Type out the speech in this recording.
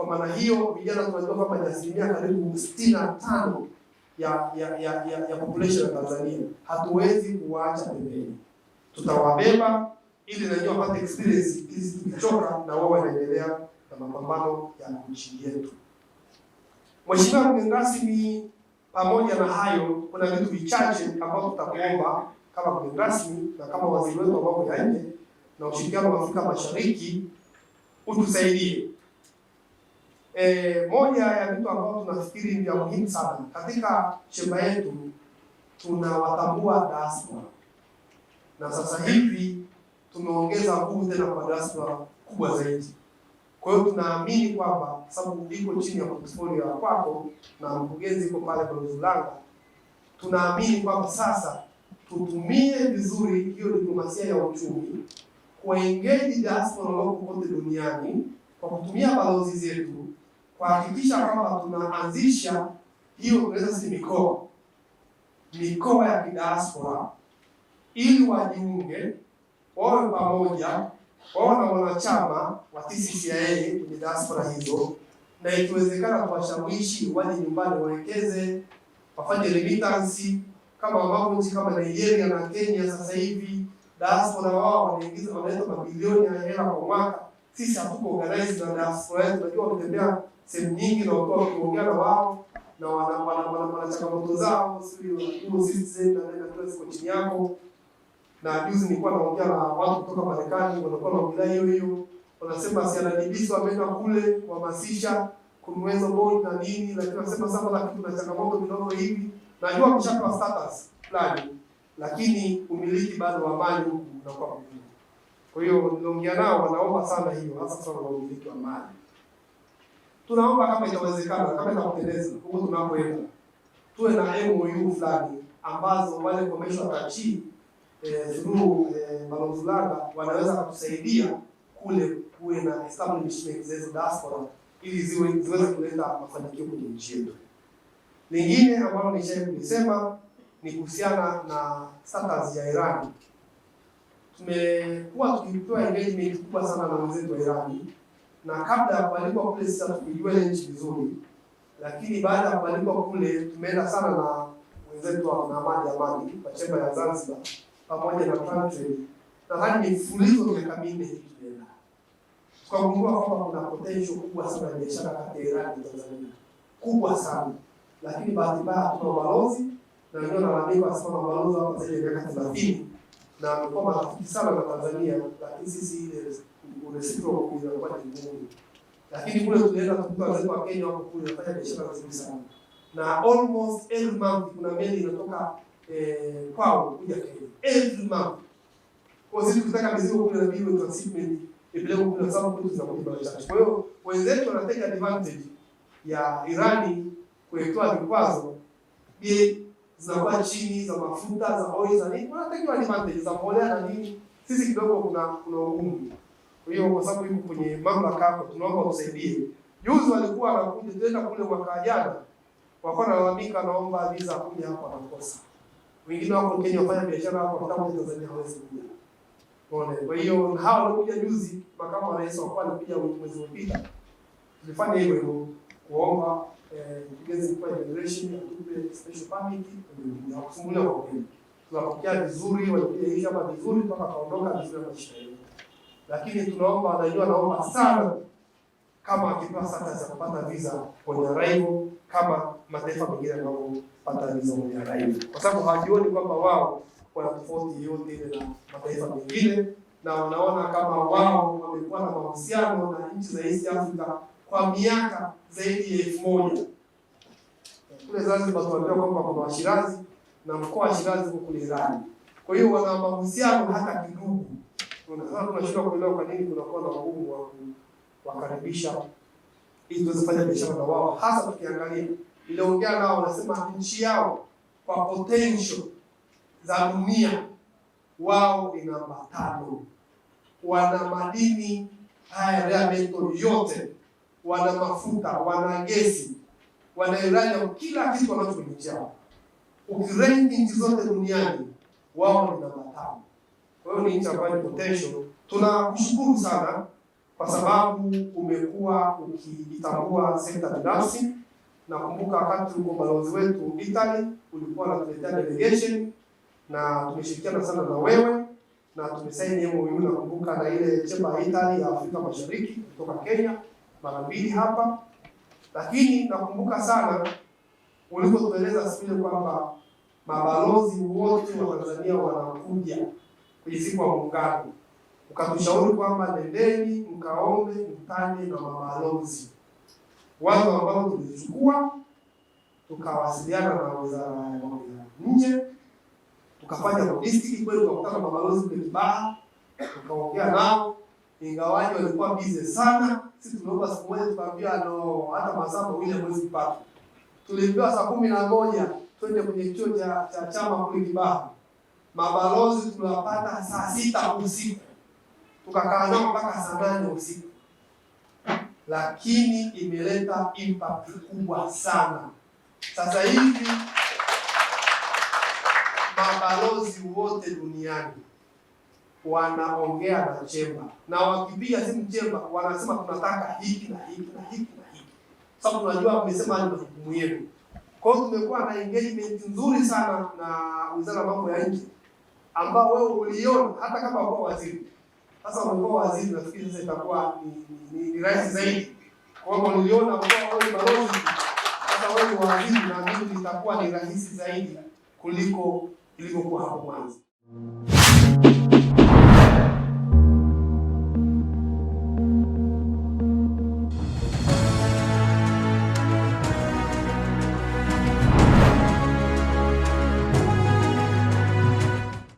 Kwa maana hiyo vijana tunajua kwamba ni asilimia karibu sitini na tano ya ya ya ya, ya population ya Tanzania. Hatuwezi kuwaacha pembeni, tutawabeba ili najua wapate experience hizi, tukichoka na wao wanaendelea na mapambano ya nchi yetu. Mheshimiwa mgeni rasmi, pamoja na hayo, kuna vitu vichache ambavyo tutakuomba kama mgeni rasmi na kama waziri wetu wa mambo ya nje na ushirikiano wa Afrika Mashariki utusaidie E, moja ya vitu ambavyo tunafikiri vya muhimu sana katika chemba yetu tunawatambua dasma na sasa hivi tumeongeza nguvu tena kwa dasma kubwa zaidi. Kwa hiyo tunaamini kwamba sababu iko chini ya portfolio ya kwako na mkurugenzi iko pale kwenye Ulanga, tunaamini kwamba sasa tutumie vizuri hiyo diplomasia ya uchumi kuwaengage diaspora wako kote duniani kwa kutumia balozi zetu kuhakikisha kwamba tunaanzisha hiyo unaweza si mikoa mikoa ya kidiaspora ili wajiunge wawe pamoja wawe na wanachama wa TCCIA kwenye diaspora hizo, na ikiwezekana kuwashawishi waje nyumbani waelekeze wafanye remittance kama ambavyo nchi kama Nigeria na Kenya sasa hivi diaspora wao wanaingiza wanaleta mabilioni ya hela kwa mwaka. Sisi hatuko organize na diaspora yetu, unajua wametembea sehemu nyingi na watu wakiongea wao na wana changamoto zao, ziko chini yako. Na juzi nilikuwa naongea na watu kutoka Marekani, wanakuwa naongelea hiyo hiyo, wanasema CRDB wameenda kule kuhamasisha kununua bond na nini, lakini wanasema sasa, lakini kuna changamoto kidogo hivi. Najua mshapa status fulani, lakini umiliki bado wa mali huku unakuwa mgumu. Kwa hiyo niliongea nao, wanaomba sana hiyo, hasa sana umiliki wa mali Tunaomba kama itawezekana, kama itakupendeza, huko tunapoenda tuwe na MOU fulani ambazo wale commercial party eh, through eh, wanaweza kutusaidia kule kuwe na establishment za diaspora ili ziwe ziweze kuleta mafanikio kwenye nchi yetu. Lingine ambalo nishaye kulisema ni kuhusiana na status ya Iran. Tumekuwa tukipewa engagement kubwa sana na wenzetu wa Irani na kabla ya kualikwa kule sasa tukijua ile nchi vizuri, lakini baada ya kualikwa kule tumeenda sana na wenzetu wa Amani Amani kwa chemba ya Zanzibar pamoja na Country, nadhani ni mfululizo miaka minne hii tumeenda, tukagundua kwamba kuna potential kubwa sana ya biashara kati ya Iran na Tanzania, kubwa sana lakini bahati mbaya hatuna balozi, na ndio na nalalamika wasema mabalozi hapa zaidi ya miaka thelathini na kwa marafiki sana na Tanzania, lakini sisi ile umesikiwa kwa kuja kwa Mungu. Lakini kule tunaenda kukuta wazee wa Kenya wako kule wanafanya biashara nzuri sana. Na almost every month kuna meli inatoka eh, kwao kuja Kenya. Every month. Kwa sisi tunataka mizigo kule na biwe kwa shipment ipelekwe kule sababu kwetu zinakubalika. Kwa hiyo wenzetu wanateka advantage ya Irani kuwekwa vikwazo ili zinakuwa chini za mafuta za oil za nini, wanatakiwa advantage za mbolea na nini. Sisi kidogo kuna kuna ugumu. Kwa hiyo kwa sababu yuko kwenye mamlaka yako, tunaomba usaidie. Juzi walikuwa anakuja tena kule mwaka jana, wakawa wanalalamika, naomba visa kuja hapa anakosa. Wengine wako Kenya wafanya biashara hapa, kama Tanzania hawezi kuja. Pole. Kwa hiyo hao walikuja juzi, makamu wa rais wakawa anakuja mwezi uliopita. Tulifanya hivyo hivyo kuomba mkurugenzi mkuu wa immigration atupe special permit na kufungulia kwa kweli. Tunapokea vizuri, walikuja hapa vizuri mpaka kaondoka vizuri na shida lakini tunaomba, anajua naomba sana, kama akipasa kazi ya kupata visa kwenye arrival kama mataifa mengine yanapopata visa kwenye arrival, kwa sababu hajioni kwamba wao kuna tofauti yote ile na mataifa mengine, na wanaona kama wao wamekuwa na mahusiano na nchi za East Africa kwa miaka zaidi ya elfu moja kule Zanzibar tunaambia kwamba kuna Washirazi na mkoa wa Shirazi huku ni Irani. Kwa hiyo wana mahusiano hata kidugu tunashindwa kuelewa kwa nini kunakuwa na ugumu wa kuwakaribisha ili tuweze kufanya biashara na wao, hasa tukiangalia, niliongea nao, wanasema nchi yao kwa potential za dunia wao ni namba tano. Wana madini haya rare yote, wana mafuta, wana gesi, wana uranium, kila kitu wanacho kwenye nchi yao. Ukirenki nchi zote duniani, wao ni namba tano. Kwa hiyo ni nchi ambayo potential. Tunakushukuru sana kwa sababu umekuwa ukitambua sekta binafsi. Nakumbuka wakati uko balozi wetu Italy, ulikuwa unatuletea delegation na tumeshirikiana sana na wewe na tumesaini MOU, nakumbuka na ile chemba ya Italy ya Afrika Mashariki kutoka Kenya mara mbili hapa, lakini nakumbuka sana ulipotueleza siku ile kwamba mabalozi wote wa Tanzania wanakuja kuizikwa muungano ukatushauri kwamba nendeni mkaombe mkutane na mabalozi, watu ambao tulichukua tukawasiliana na wizara ya mambo ya nje, tukafanya district kweli, tukakutana mabalozi kwenye baa, tukaongea nao, ingawaji walikuwa busy sana. Sisi tunaomba siku moja, tukaambia no, hata masaa mawili hamwezi kupata. Tuliambiwa saa kumi na moja twende kwenye kichuo cha chama kule Kibaha mabalozi tunapata saa sita usiku, tukakaa nao mpaka saa nane usiku, lakini imeleta impact kubwa sana. Sasa hivi mabalozi wote duniani wanaongea na chemba na wakipiga simu chemba wanasema tunataka hiki na hiki na hiki na hiki, sababu tunajua mmesema ni majukumu yenu. Kwa hiyo tumekuwa na engagement nzuri sana na wizara ya mambo ya nje ambao wewe uliona hata kama uko waziri. Sasa uko waziri, nafikiri sasa itakuwa ni ni rahisi zaidi. Kwa hiyo uliona uko wewe balozi, sasa wewe ni waziri, na mimi itakuwa ni rahisi zaidi kuliko ilivyokuwa hapo mwanzo.